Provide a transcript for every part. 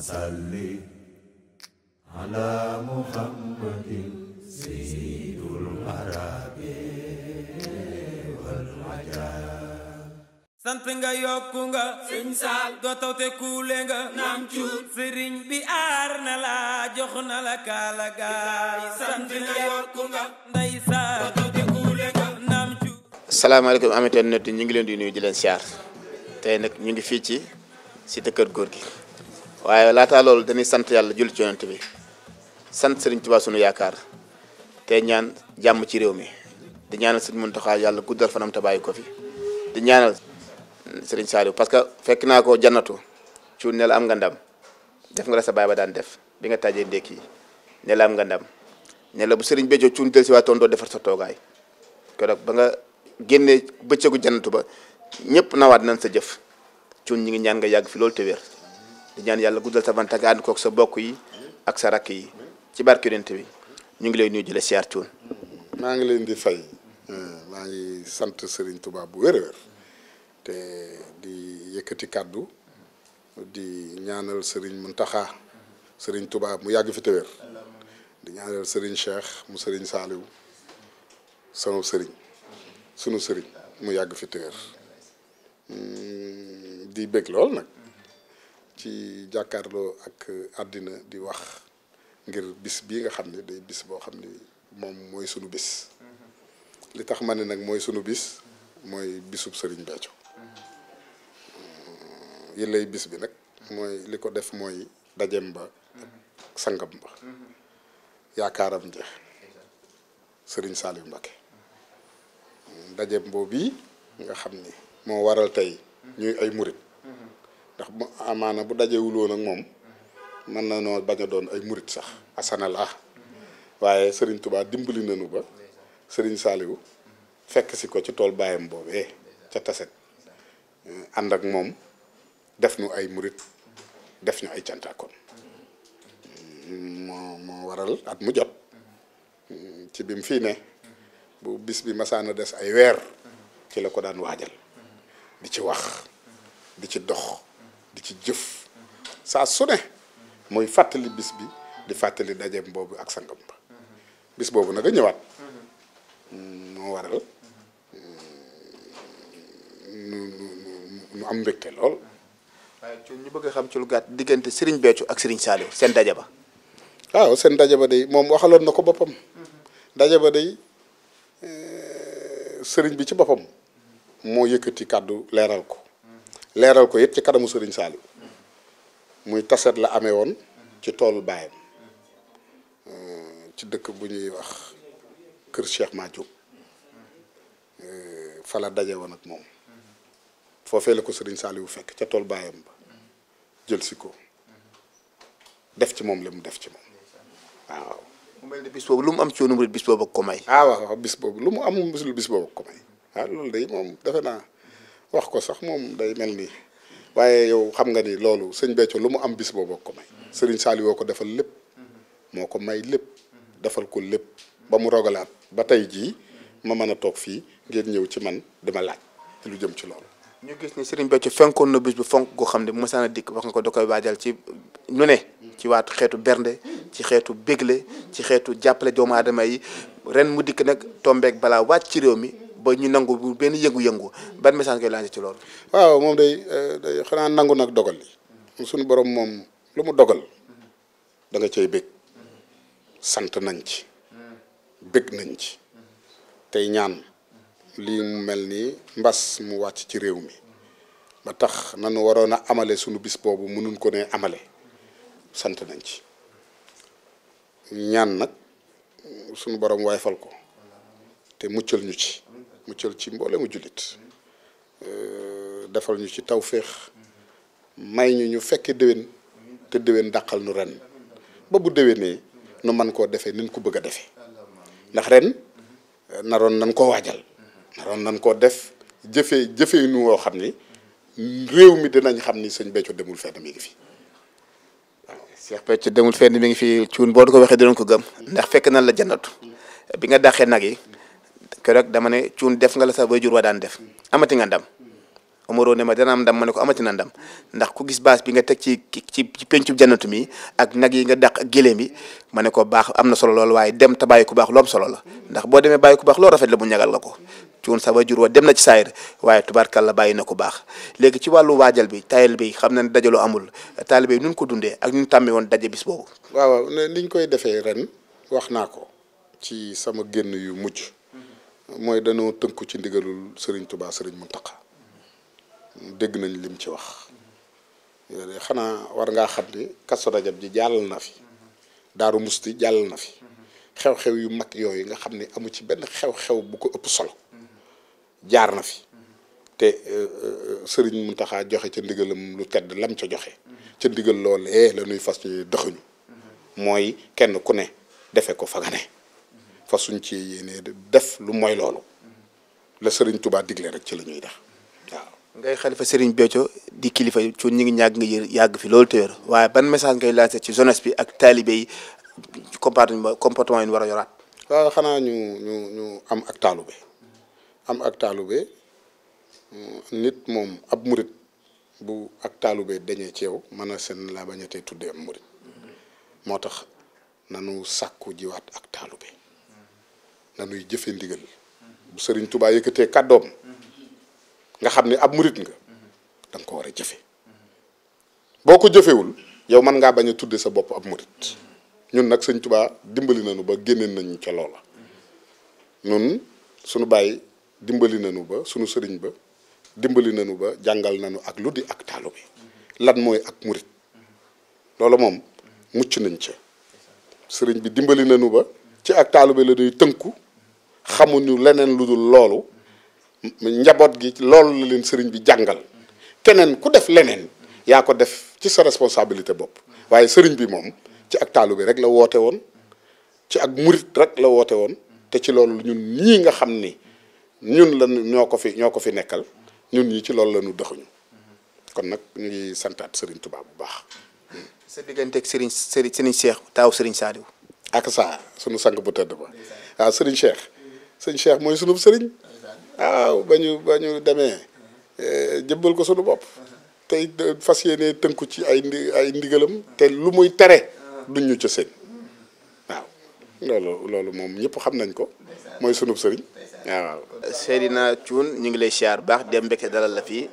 salli ala muhammadin sayyidul arabi wal ajam sant nga yokku nga sëñ saal doo tawte kuule nga naam cuut sëriñ bi aar na la jox na la kaala ga sant nga yokku nga nday saal doo tawte kuule nga naam cuut salaamaaleykum amitoon net ñu ngi leen di nuyu di leen siyaar tey nag ñu ngi fii ci cité kër góor gi waaye laataa loolu dañuy sant yàlla jul ci yonent bi sant Serigne Touba suñu yaakaar te ñaan jàmm ci réew mi di ñaanal Serigne Mountakha yàlla guddal fanam te bàyyi ko fi di ñaanal Serigne Saliou parce que fekk naa ko jannatu ci ne la am nga ndam def nga la sa baay ba daan def bi nga tàjjee ndékki ne la am nga ndam ne la bu Serigne Béthio cuun del si waa toon doo defar sa toogaay keroog ba nga génnee bëccëgu jannatu ba ñëpp nawaat nañ sa jëf cuun ñi ngi ñaan nga yàgg fi loolu te wér di ñaan yàlla guddal sa fan te nga ànd kook sa bokk yi ak sa rakk yi ci barke Yonent bi ñu ngi lay nuyu di la siyaar Cuun maa ngi leen di fay eh, maa ngi sant sëriñ tubaab bu wér wér te di yëkkati kàddu di ñaanal Serigne Mountakha sëriñ Touba mu yàgg fi te wér di ñaanal Serigne Cheikh mu Serigne Saliou sama sëriñ sunu sëriñ mu yàgg fi wér hmm, di bëgg lool nag. ci jàkkaarloo ak àddina di wax ngir bis bii nga xam ne day bis boo xam ni moom mooy sunu bis mm-hmm. li tax ma ni nag mooy sunu bis mooy bisub Serigne Béthio mm-hmm. yi bis bi nag mooy li ko def mooy dajem ba ak sangam ba mm-hmm. yaakaaram ja Serigne Saliou Mbacké dajem boobu bi nga xam ni moo waral tey ñuy ay murit ndax mu amaana bu dajewul woon ak moom mën na noo bañ a doon ay murit sax asanala waaye sëriñ Touba dimbali nañu ba Serigne Saliou fekk si ko ci tool baayam boobee ca taset eh, ànd ak moom def nu ay murit def ñu ay cantaakoon moo moo waral at mu jot ci bi mu fii ne bu bis bi masaana des ay weer ci la ko daan waajal di ci wax di ci dox di ci jëf saa su ne muy fàttali bis bi di fàttali dajeem boobu ak sangam ba bis boobu nag a ñëwaat moo waral nu am mbégte lool. waaye ci ñu bëgg a xam ci lu gàtt diggante Serigne Béthio ak Serigne Saliou seen daje ba. waaw seen daje ba day moom waxaloon na ko boppam daje ba day eh, sëriñ bi ci boppam moo yëkkati kàddu leeral ko. leeral ko it ci kanamu sëriñ Saliou muy taset la amee woon ci toolu baayam ci dëkk bu ñuy wax kër Cheikh Madiou eh, fa la daje woon ak moom foofee la ko Serigne Saliou fekk ca tool baayam ba jël si ko def ci moom la mu def ci moom waaw. mu mel ni bis boobu lu mu am ci yoonu murid bis boobu ak ko may. ah waaw bis boobu lu mu am bis boobu ak ko may ah loolu day moom defe naa. wax ko sax moom day mel nii waaye yow xam nga ni loolu sëñ Béthio lu mu am bis booboo ko may sëriñ Saliou woo ko defal lépp moo ko may lépp defal ko lépp ba mu rogalaat ba tey jii ma mën a toog fii ngeen ñëw ci man dama laaj lu jëm ci loolu ñu gis ni Serigne Béthio fenkoon na bis bu fonk goo xam ne bu mësaan a dikk wax nga ko da koy waajal ci nu ne ci waatu xeetu bernde ci xeetu bégle ci xeetu jàppale doomu aadama yi ren mu dikk nag tombeek balaa wàcc ci réew mi ba ñu nangu benn yëngu-yëngu ban message ngay lancé ci loolu. waaw moom day day xanaa nangu nag dogal li suñu borom moom lu mu dogal danga nga cay bég sant nañ ci bég nañ ci tey ñaan lii mu mel nii mbas mu wàcc ci réew mi ba tax nanu waroon a amale suñu bis boobu mënuñ ko ne amale sant nañ ci ñaan nag suñu borom waay fal ko te muccal ñu ci muccal ci mu jullit euh, defal ñu ci tawféex may ñu ñu fekke déwén te déwén daqal nu ren ba bu déwénee nu man koo defee nin ko bëgg a defee ndax ren naroon nañ koo waajal naroon nañ koo def jëfe jëfee nu woo xam ni réew mi dinañ xam ni sëñ Béthio demul fenn mi ngi fi waaw Cheikh Béthio demul fenn mi ngi fi cuun boo ko waxee dinañ ko gëm ndax fekk na la jannatu bi nga daqee nag yi keroog dama ne cuun def nga la sa jur wa daan def amati nga ndam Omaro ne ma dana am ndam ma ne ko amati na ndam ndax ku gis baas bi nga teg ci ci ci pencu jannatu mi ak nag yi nga dàq ak géléem yi ma ne ko baax am na solo lool waaye dem te bàyyi ku baax lu am solo la ndax boo demee bàyyi ku baax loo rafet la mu ñagal nga ko cuun sa jur wa dem na ci saayir waaye tubaarkàlla bàyyi na ku baax léegi ci wàllu waajal bi tayal bi xam na ne dajaloo amul taalibe yi nun ko dundee ak nun tàmmee woon daje bis boobu waaw niñ koy defee ren wax naa ko ci sama génn yu mujj mooy danu tënku ci ndigalul sëriñ tubaa sëriñ taxa dégg nañ lim ci wax xanaa war ngaa xam ni kasu rajab ji jàll na fi daaru musti jàll na fi xew-xew yu mag yooyu nga xam ni amu ci benn xew-xew bu ko ëpp solo jaar na fi te euh, euh, sëriñ Mountakha joxe ca ndigalam lu tedd lam ca joxe ca ndigal loolee la ñuy fas ñu dëxuñu mooy kenn ku ne defe ko fa fasuñ ci yéenee def lu mooy loolu la sëriñ tubaa digle rek ci la ñuy def waaw ngay xalifa sëriñ Béthio di kilifa ci ñi ngi ñàgg nga yàgg fi loolu téyér waaye ban message ngay lancé ci jeunesse bi ak taalibe yi comportement comportement war a yoraat ñu ñu am ak taalube ak taalube nit moom ab murit bu ak taalube dañee ci yow mën a seen laa bañatee tuddee am murit moo tax nanu sàkku jiwaat ak taalube nanuy jëfe ndigal bu sëriñ tubaa yëkkatee kàddoom nga xam ni ab murit nga danga ko war a jëfe boo ko jëfewul yow man ngaa bañ a tudde sa bopp ab murit ñun nag sëñ tubaa dimbali nañu ba génneen nañu ca loola nun sunu bàyyi dimbali nañu ba suñu sëriñ ba dimbali nañu ba jàngal nañu ak lu di ak taalu lan mooy ak murit loola moom mucc nañ ca sëriñ bi dimbali na nu ba ci ak taalu bi la day tënku xamuñu leneen lu dul loolu njaboot gi loolu la leen sëriñ bi jàngal keneen ku def leneen yaa ko def ci sa responsabilité bopp waaye sëriñ bi moom ci ak taalu bi rek la woote woon ci ak murit rek la woote woon te ci loolu ñun ñii nga xam ni ñun la ñoo ko fi ñoo ko fi nekkal ñun ñi ci loolu la ñu kon nag ñu ngi santaat sëriñ tubaab bu baax. sa diggante ak sëriñ sëriñ Cheikh taaw sëriñ Saliou. saa sunu sang bu tëdd ba waaw sëriñ Cheikh. sëñ Cheikh mooy sunub sëriñ waaw ba ñu ba ñu demee eh, jëbbal ko sunu bopp tey eh, fas yéene tënku ci ay ndi ay ndigalam te lu muy tere duñ ñu ca waaw loolu loolu moom ñëpp xam nañ ko mooy sunub sëriñ waaw. Seydina Thioune ñu ngi lay siyaar baax dem mbégte dalal la fii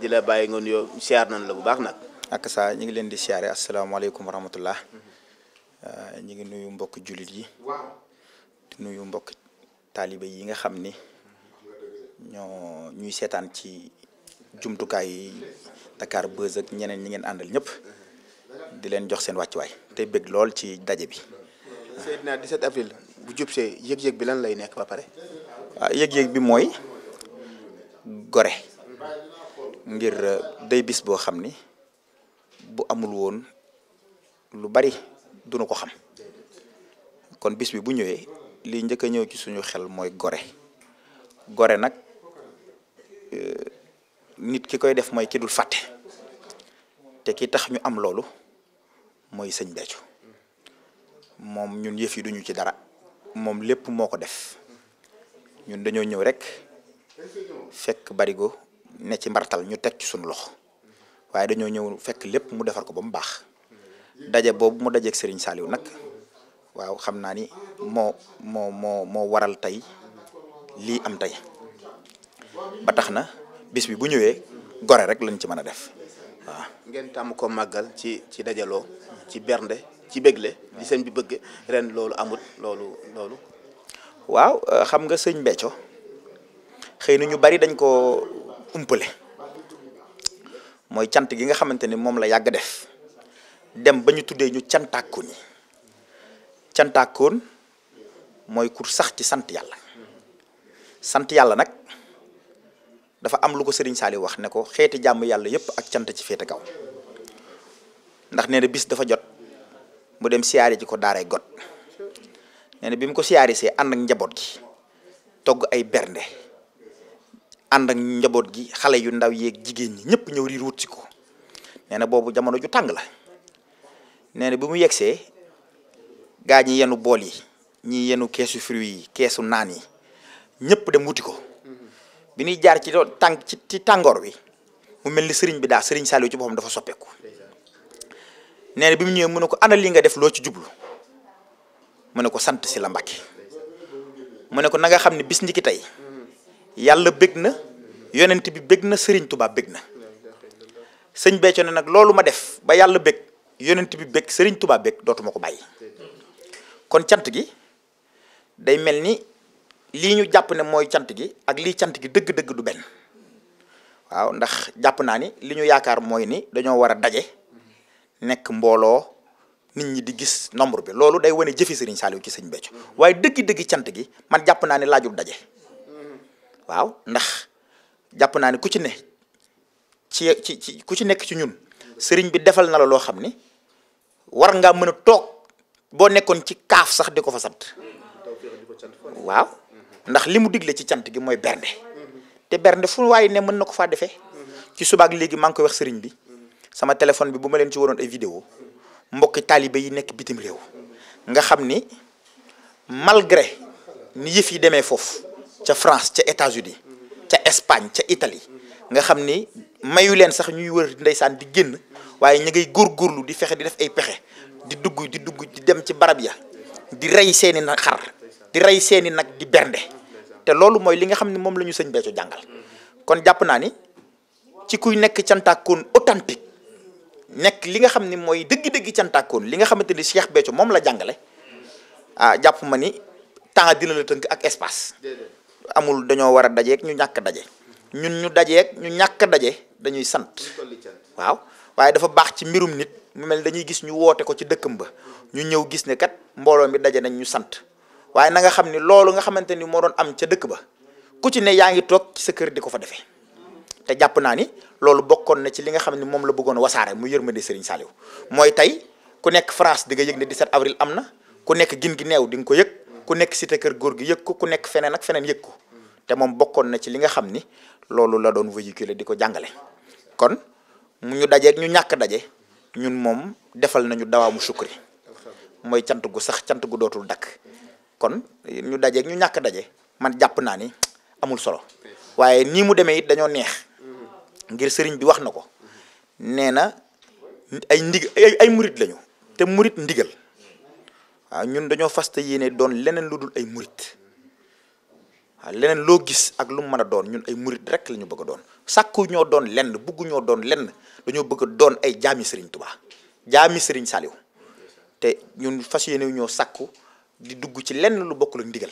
di la bàyyi nga nuyoo siyaar nañ la bu baax nag. ak saa ñu ngi leen di siyaare asalaamaaleykum wa rahmatullah eh, ñu ngi nuyu mbokk jullit yi di nuyu mbokk taalibe yi nga xam ni ñoo ñuy seetaan ci jumtukaay yi Dakar Buzz ak ñeneen ñi ngeen àndal ñëpp di leen jox seen wàccuwaay te bëgg lool ci daje bi. Seydina 17 avril bu jub see yëg-yëg bi lan lay nekk ba pare. ah yëg-yëg bi mooy gore ngir euh, day bis boo xam ni bu amul woon lu bari dunu ko xam kon bis bi bu ñëwee lii njëkk a ñëw ci suñu xel mooy gore gore nag euh, nit ki koy def mooy ki dul fàtte te ki tax ñu am loolu mooy sëñ Béthio moom ñun yëf yi duñu ci dara moom lépp moo ko def ñun dañoo ñëw rek fekk barigo ne ci mbartal ñu teg ci suñu loxo waaye dañoo ñëw fekk lépp mu defar ko ba mu baax daje boobu mu dajeeg Serigne Saliou nag waaw xam naa ni moo moo moo moo waral tey lii am tey ba tax na bis bi bu ñëwee gore rek lañ ci mën a def waaw. ngeen tàmm ko màggal ci ci dajaloo ci bernde ci bégle li sëñ bi bëgg ren loolu amut loolu loolu. waaw euh, xam nga sëñ Béthio xëy na ñu bari dañ ko umpale mooy cant gi nga xamante ni moom la yàgg def dem ba ñu tuddee ñu cantaakku ñi cantaakoon mooy kur sax ci sant yàlla sant yàlla nag dafa am lu ko sëriñ Saliou wax ne ko xeeti jàmm yàlla yëpp ak cant ci féete kaw ndax nee bis dafa jot mu dem siyaare ji ko daaray got nee na bi mu ko siyaare see ànd njaboot gi togg ay bernde àndak njaboot gi xale yu ndaw yeeg jigéen ñi ñëpp ñëw riir wut ko nee na boobu jamono ju tàng la nee bi mu yegsee gaa ñi yenu bool yi ñi yenu keesu fruit yi keesu naan yi ñëpp dem wuti ko bi ñuy jaar ci tàng ci ci tàngoor wi mu mel ni sëriñ bi daal sëriñ Saliou ci boppam dafa soppeeku nee bi mu ñëwee mu ne ko ana li nga def loo ci jublu mu ne ko sant si la Mbàkke mu ne ko nanga xam ne bis ni tey yàlla bëgg na yonent bi bëgg na sëriñ tubaab bëgg na sëñ Béthio ne nag loolu ma def ba yàlla bëgg yonent bi bëgg sëriñ tubaab bëgg dootuma ko bàyyi kon cant gi day mel ni lii ñu jàpp ne mooy cant gi ak lii cant gi dëgg-dëgg du benn waaw ndax jàpp naa ni li ñu yaakaar mooy ni dañoo war a daje nekk mbooloo nit ñi di gis nombre bi loolu day wane jëfi Serigne Saliou ci Serigne Béthio waaye dëgg-dëgg cant gi man jàpp naa ne laajul daje waaw ndax jàpp naa ne ku ci ne ci ci ku ci nekk ci ñun Serigne bi defal na la loo xam ni war ngaa mën a toog. boo nekkoon ci kaaf sax di ko fa sant waaw ndax li mu digle ci cant gi mooy bernde te bernde fu waaye ne mën na ko faa defee ci subaak léegi maa ko koy wax sëriñ bi sama téléphone bi bu ma leen ci waroon ay vidéo mbokki taalibe yi nekk bitim réew nga xam ni malgré ni yëf yi demee foofu ca France ca États-Unis ca Espagne ca itali nga xam ni mayu leen sax ñuy wër ndeysaan di génn waaye ñu ngay góorgóorlu di fexe di def ay pexe di dugg di dugg di dem ci barab ya di rey seeni nag xar di rey seeni nag di bernde te loolu mooy li nga xam ne moom la ñu sëñ Béthio jàngal kon jàpp naa ni ci kuy nekk cantaakoon authentique nekk li nga xam ni mooy dëgg-dëgg cantaakoon li nga xamante ni Cheikh Béthio moom la jàngale ah jàpp ma ni temps dina la tënk ak espace amul dañoo war a dajeeg ñu ñàkk daje ñun ñu dajeeg ñu ñàkk daje dañuy sant waaw waaye dafa baax ci mbirum nit mu mel dañuy gis ñu woote ko ci dëkkam ba ñu ñëw gis ne kat mbooloo mi daje nañ ñu sant waaye na nga xam ni loolu nga xamante ni moo doon am ca dëkk ba ku ci ne yaa ngi toog sa kër di ko fa defee te jàpp naa ni loolu bokkoon na ci li nga xam ne moom la bëggoon wasaare mu yërmande Serigne Saliou mooy tey ku nekk France di nga yëg ne 17 avril am na ku nekk gin gi neew di nga ko yëg ku nekk cité kër góor gi yëg ko ku nekk feneen ak feneen yëg ko te moom bokkoon na ci li nga xam ni loolu la doon véhiculer di ko jàngale kon mu ñu dajeeg ñu ñàkk daje ñun moom defal nañu dawaamu sukri mooy cant gu sax cant gu dootul dakk kon ñu dajeeg ñu ñàkk daje man jàpp naa ni amul solo waaye nii mu demee it dañoo neex ngir sëriñ bi wax na ko nee na ay ndig ay murit lañu te murit ndigal waaw ñun dañoo fasta yéene doon leneen lu dul ay murit leneen loo gis ak lu mu mën a doon ñun ay murit rek la ñu bëgg a doon sàkku ñoo doon lenn bugg ñoo doon lenn dañoo bëgg doon ay jaami sëriñ Tuubaa jaami sëriñ Saliou te ñun fas yéene ñoo sakku di dugg ci lenn lu bokkul ak ndigal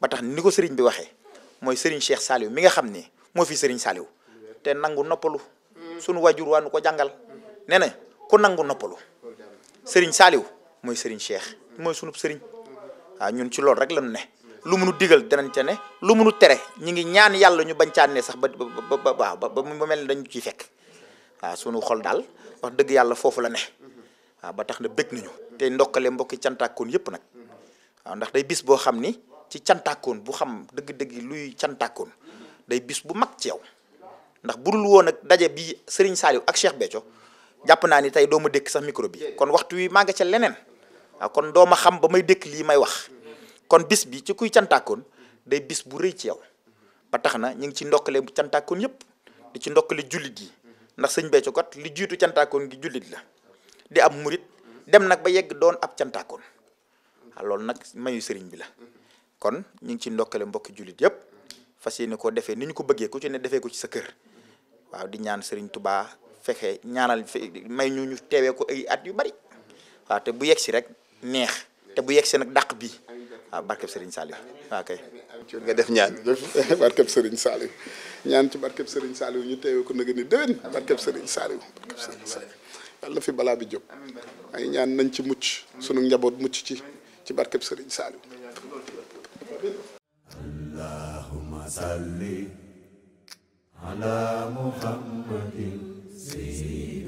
ba tax ni ko sëriñ bi waxee mooy sëriñ Cheikh Saliou mi nga xam ne moo fi sëriñ Saliou te nangu noppalu sunu wajur waa nu ko jàngal nee na ku nangu noppalu sëriñ mooy sëriñ Cheikh mooy sunu sëriñ waaw ñun ci loolu rek lañu ne. lu munu digal danañ ca ne lu munu tere ñu ngi ñaan yàlla ñu bañ caa ne sax ba ba ba waaw ba ba mel ne dañu ciy fekk waaw sunu xol daal wax dëgg yàlla foofu la ne waaw ba tax na bëgg nañu. te ndokkale mbokki cantaakoon yëpp nag waaw ndax day bis boo xam ni ci cantaakoon bu xam dëgg-dëgg luy cantaakoon day bis bu mag ci yow ndax budul woon ak daje bi sëriñ Saliou ak Cheikh Béthio jàpp naa ni tey doo ma dékk sax micro bi kon waxtu wi maa nga ca leneen waaw kon doo kon bis bi ci kuy cantaakoon day bis bu rëy ci yow ba tax na ñu ngi ci ndokkale cantaakoon yëpp di ci ndokkale jullit yi ndax sëñ Béthio kat li jiitu cantaakoon gi jullit la di ab murit dem nag ba yegg doon ab cantaakoon ah, loolu nag mayu sëriñ bi la kon ñu ngi ci ndokkale mbokki jullit yëpp fas yéene koo defee ni ñu ko bëggee ku ci ne defee ko ci sa kër waaw di ñaan sëriñ Tubaa fexe ñaanal may ñu ñu teewee ko ay at yu bari waaw te bu yegg si rek neex te bu yegg si nag dàq bi waaw ah, barkeb sëriñ Saliou waaw ah, kay. ci nga def ñaan barkeb Serigne Saliou ñaan ci barkeb Serigne Saliou ñu teewe ko nag ni déwén barkeb Serigne Saliou yàlla fi balaa bi jóg ay ñaan nañ ci mucc sunu njaboot mucc ci ci barkeb Serigne Saliou.